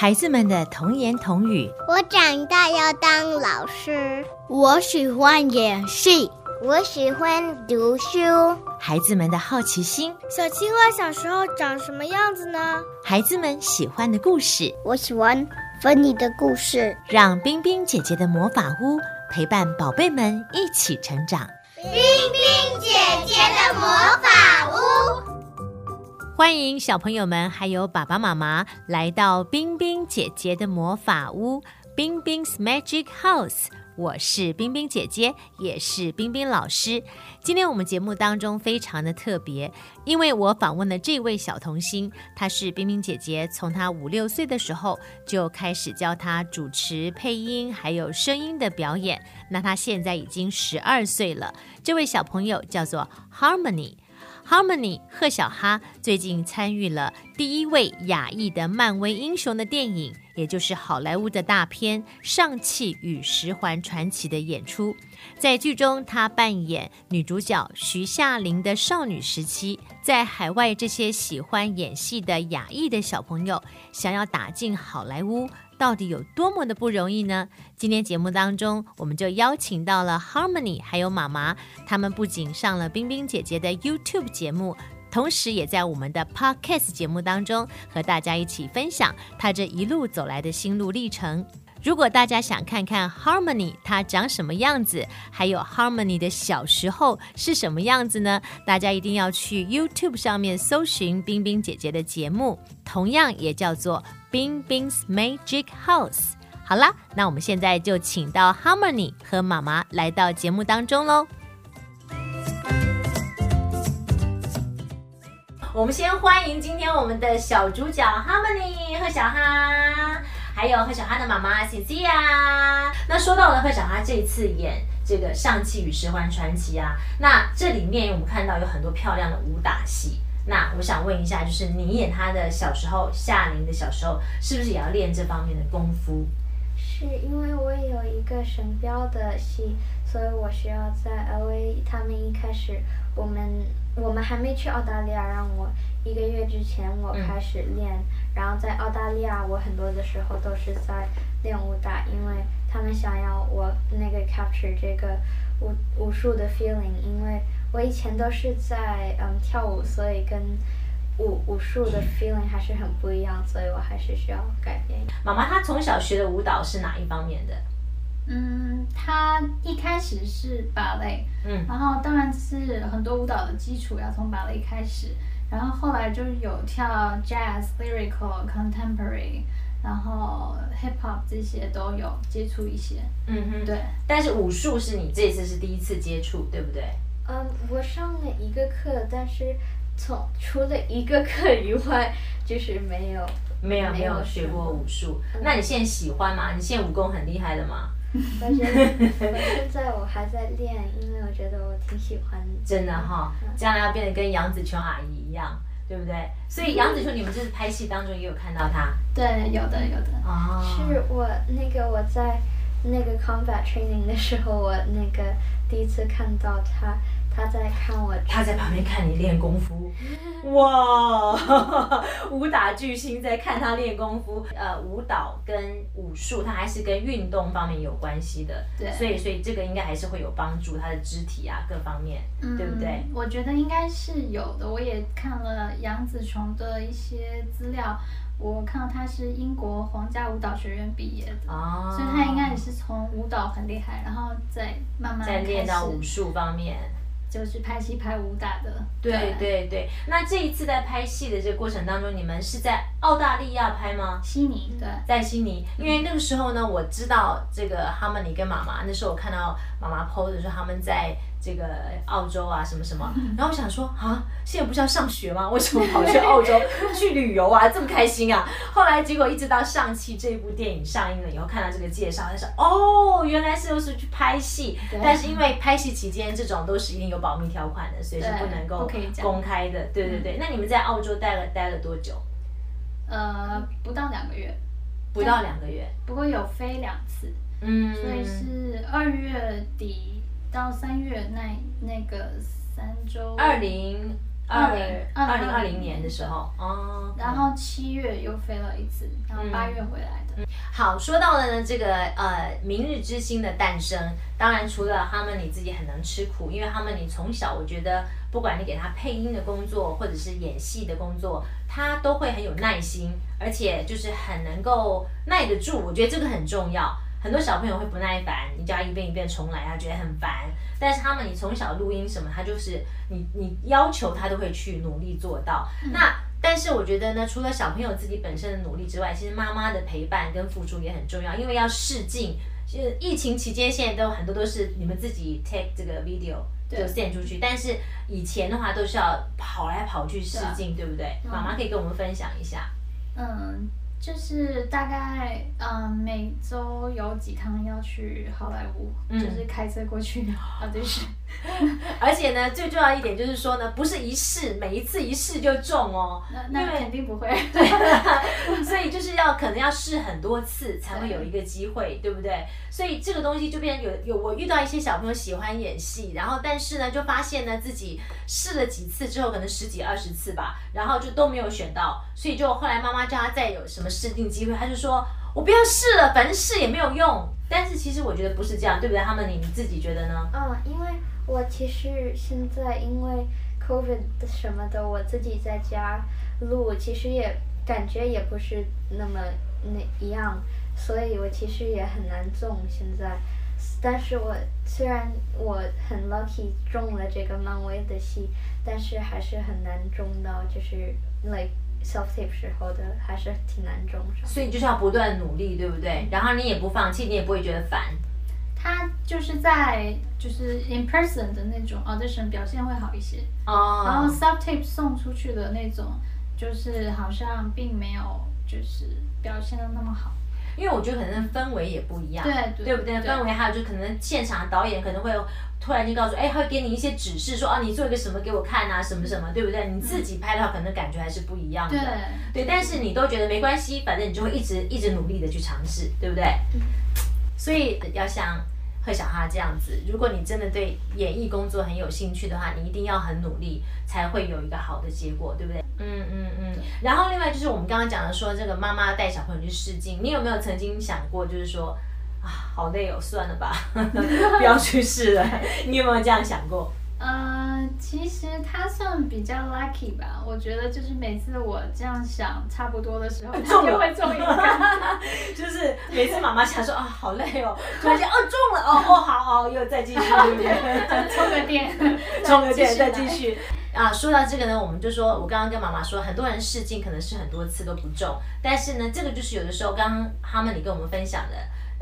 孩子們的童言童語：我長大要當老師，我喜歡演戲，我喜歡讀書。孩子們的好奇心：小青蛙小時候長什麼樣子呢？孩子們喜歡的故事：我喜歡分你的故事。讓冰冰姐姐的魔法屋陪伴寶貝們一起成長。冰冰姐姐的魔法屋。歡迎小朋友們還有爸爸媽媽來到冰冰姐姐的魔法屋，冰冰 's Magic House。我是冰冰姐姐，也是冰冰老師。今天我們節目當中非常的特別，因為我訪問了這位小童星，她是冰冰姐姐從她五六歲的時候就開始教她主持、配音還有聲音的表演。那她現在已經十二歲了，這位小朋友叫做 Harmonie。Harmonie 賀小哈最近參與了。第一位亞裔的漫威英雄的電影，也就是好萊塢的大片《尚氣與十環傳奇》的演出，在劇中他扮演女主角徐夏靈的少女時期。在海外，這些喜歡演戲的亞裔的小朋友想要打進好萊塢，到底有多麼的不容易呢？今天節目當中，我們就邀請到了 Harmonie 還有媽媽，他們不僅上了冰冰姐姐的 YouTube 節目。同時，也在我們的 podcast 節目當中和大家一起分享她這一路走來的心路歷程。如果大家想看看 Harmonie 她長什麼樣子，還有 Harmonie 的小時候是什麼樣子呢？大家一定要去 YouTube 上面搜尋冰冰姐姐的節目，同樣也叫做 Bing Bing's Magic House。好啦，那我們現在就請到 Harmonie 和媽媽來到節目當中嘍。我們先歡迎今天我們的小主角 Harmonie 賀小哈，還有賀小哈的媽媽辛西婭。那說到了賀小哈這次演這個《尚氣與十環傳奇》啊，那這裡面我們看到有很多漂亮的武打戲。那我想問一下，就是你演他的小時候夏靈的小時候，是不是也要練這方面的功夫？是因為，我有一個尚氣的戲，所以我需要在 L.A. 他們一開始，我們我們還沒去澳大利亞，讓我一個月之前我開始練、嗯。然後在澳大利亞，我很多的時候都是在練武打，因為他們想要我那個 capture 這個武武術的 feeling，因為我以前都是在嗯跳舞，所以跟。武武術的 feeling 還是很不一樣，嗯，所以我還是需要改變。媽媽她從小學的舞蹈是哪一方面的？嗯，她一開始是芭蕾，嗯，然後當然是很多舞蹈的基礎要從芭蕾開始，然後後來就是有跳 jazz、lyrical、contemporary，然後 hip hop 這些都有接觸一些。嗯哼，對。但是武術是你這次是第一次接觸，對不對？嗯，我上了一個課，但是。從除了一個課以外，就是沒有沒有沒有，沒有學過武術、嗯。那你現在喜歡嗎？你現在武功很厲害的嗎？我覺得，我現在我還在練，因為我覺得我挺喜歡。 真的哈，將、哦、來、嗯、要變得跟楊紫瓊阿姨一樣，對不對？嗯、所以楊紫瓊，你們這次拍戲當中也有看到她，對，有的有的。哦、嗯，是我那個我在那個 combat training 的時候，我那個第一次看到她。他在看我，他在旁邊看你練功夫，哇，武打巨星在看他練功夫，呃，舞蹈跟武術，他還是跟運動方面有關係的，對，所以所以這個應該還是會有幫助，他的肢體啊各方面，嗯，對不對？我覺得應該是有的，我也看了楊紫瓊的一些資料，我看到他是英國皇家舞蹈學院畢業的，哦，所以他應該也是從舞蹈很厲害，然後再慢慢再練到武術方面。就是拍戲拍武打的。對對對，對，那這一次在拍戲的這個過程當中，你們是在澳大利亞拍嗎？悉尼，對，在悉尼。因為那個時候呢，我知道這個哈曼尼跟媽媽，那時候我看到媽媽 pose 的時候，他們在。這個澳洲啊，什麼什麼、嗯，然後我想說啊，現在不是要上學嗎？為什麼跑去澳洲 去旅遊啊？這麼開心啊！後來結果一直到上期這部電影上映了以後，看到這個介紹，他說哦，原來是又是去拍戲，但是因為拍戲期間這種都是一定有保密條款的，所以是不能夠公開的。對的對對，對、嗯，那你們在澳洲待了待了多久？呃，不到兩個月，不到兩個月，不過有飛兩次，嗯，所以是二月底。到三月那那個三周，二零二零二零二零年的時候，嗯、啊，然後七月又飛了一次，然後八月回來的、嗯嗯。好，說到了呢，這個呃，明日之星的誕生，當然除了哈蒙尼自己很能吃苦，因為哈蒙尼從小，我覺得不管你給他配音的工作，或者是演戲的工作，他都會很有耐心，而且就是很能夠耐得住，我覺得這個很重要。很多小朋友會不耐煩，你叫他一遍一遍重來啊，他覺得很煩。但是他們，你從小錄音什麼，他就是你，你要求他都會去努力做到。嗯、那但是我覺得呢，除了小朋友自己本身的努力之外，其實媽媽的陪伴跟付出也很重要。因為要試鏡，就疫情期間現在都很多都是你們自己 take 這個 video 就 send 出去，但是以前的話都是要跑來跑去試鏡，對不對、嗯？媽媽可以跟我們分享一下。嗯。就是大概嗯、呃、每週有幾趟要去好萊塢、嗯，就是開車過去、嗯、啊，就是，而且呢最重要一點就是說呢，不是一試每一次一試就中哦，那那肯定不會，對， 所以就是要可能要試很多次才會有一個機會，對，對不對？所以這個東西就變成有有我遇到一些小朋友喜歡演戲，然後但是呢就發現呢自己試了幾次之後，可能十幾二十次吧，然後就都沒有選到，所以就後來媽媽叫他再有什麼。試鏡機會，他就說：“我不要試了，反正試也沒有用。”但是其實我覺得不是這樣，對不對？他們你們自己覺得呢？嗯、uh,，因為我其實現在因為 COVID 的什麼的，我自己在家錄，其實也感覺也不是那麼那一樣，所以我其實也很難中現在。但是我雖然我很 lucky 中了這個漫威的戲，但是還是很難中到，就是累、like。self-tape 時候的還是挺難中，所以你就是要不斷努力，對不對？然後你也不放棄，你也不會覺得煩。他就是在就是 in person 的那種 audition 表現會好一些，oh. 然後 self-tape 送出去的那種就是好像並沒有就是表現的那麼好。因為我覺得可能氛圍也不一樣，對，對，對，對不對？氛圍還有就可能現場導演可能會突然間告訴，哎，會給你一些指示說，說啊，你做一個什麼給我看啊，什麼什麼，對不對？你自己拍的話，嗯、可能感覺還是不一樣的，對。對，但是你都覺得沒關係，反正你就會一直一直努力的去嘗試，對不對？對，所以要想。會想他這樣子。如果你真的對演藝工作很有興趣的話，你一定要很努力，才會有一個好的結果，對不對？嗯嗯嗯。然後另外就是我們剛剛講的說，這個媽媽帶小朋友去試鏡，你有沒有曾經想過，就是說啊，好累哦，算了吧， 不要去試了。 你有沒有這樣想過？嗯、呃，其實他算比較 lucky 吧。我覺得就是每次我這樣想差不多的時候，他就會中一個。 就是每次媽媽想說啊、 哦，好累哦，突然間哦中了哦，哦好哦，又再繼續對不對？再充 個電，充個電再繼續，再繼續。啊，說到這個呢，我們就說，我剛剛跟媽媽說，很多人試鏡可能是很多次都不中，但是呢，這個就是有的時候，剛剛 Harmonie 跟我們分享的，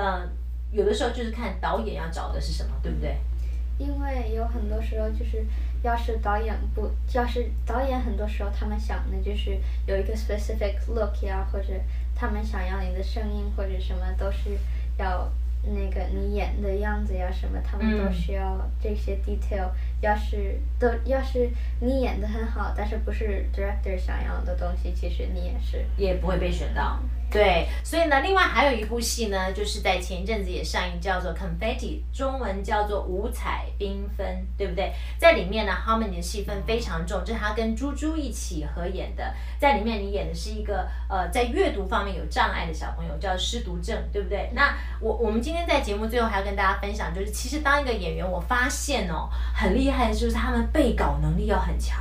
嗯、呃，有的時候就是看導演要找的是什麼，對不對？嗯因為有很多時候就是，要是導演不，要是導演很多時候他們想的就是有一個 specific look 呀，或者他們想要你的聲音或者什麼都是要。那個你演的樣子呀，什麼他們都需要這些 detail、嗯。要是都要是你演得很好，但是不是 director 想要的東西，其實你也是也不會被選到。對，所以呢，另外還有一部戲呢，就是在前一陣子也上映，叫做《Confetti》，中文叫做《五彩繽紛》，對不對？在裡面呢 Harmonie 的戲份非常重，嗯、就是他跟豬豬一起合演的。在裡面，你演的是一個呃，在閱讀方面有障礙的小朋友，叫失讀症，對不對？那我我們今天今天在節目最後，還要跟大家分享，就是其實當一個演員，我發現哦，很厲害的就是他們背稿能力要很強，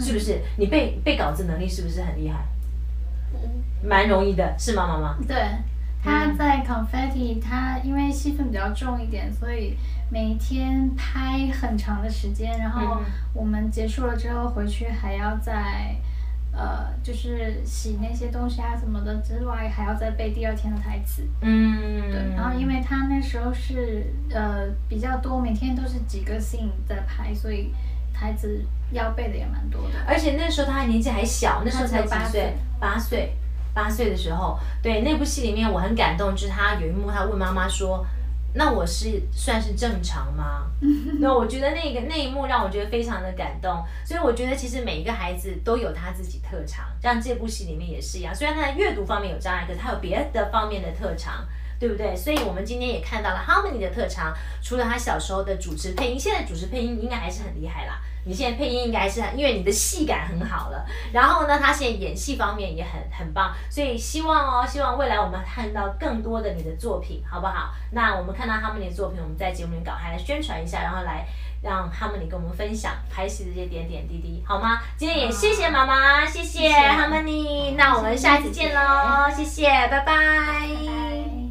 是不是？你背、嗯、背稿子能力是不是很厲害？嗯，蠻容易的，是嗎，媽媽？對，他在 Confetti，嗯，他因為戲份比較重一點，所以每天拍很長的時間，然後我們結束了之後回去還要再。呃，就是洗那些東西啊什麼的之外，還要再背第二天的台詞。嗯，對。然後，因為他那時候是呃比較多，每天都是幾個 scene 在拍，所以台詞要背的也蠻多的。而且那時候他還年紀還小，那時候才幾歲？他才八歲，八歲，八歲的時候。對，那部戲裡面我很感動，就是他有一幕，他問媽媽說。那我是算是正常嗎？那 我覺得那個那一幕讓我覺得非常的感動，所以我覺得其實每一個孩子都有他自己特長，像這部戲裡面也是一樣，雖然他在閱讀方面有障礙，可他有別的方面的特長。對不對？所以我們今天也看到了 Harmonie 的特長，除了他小時候的主持配音，現在主持配音應該還是很厲害啦。你現在配音應該還是很因為你的戲感很好了。然後呢，他現在演戲方面也很很棒，所以希望哦，希望未來我們看到更多的你的作品，好不好？那我們看到 Harmonie 的作品，我們在節目裡搞，還來宣傳一下，然後來讓 Harmonie 跟我們分享拍戲的這些點點滴滴，好嗎？今天也謝謝媽媽，謝謝 Harmonie，那我們下次見嘍，謝謝，拜拜。拜拜。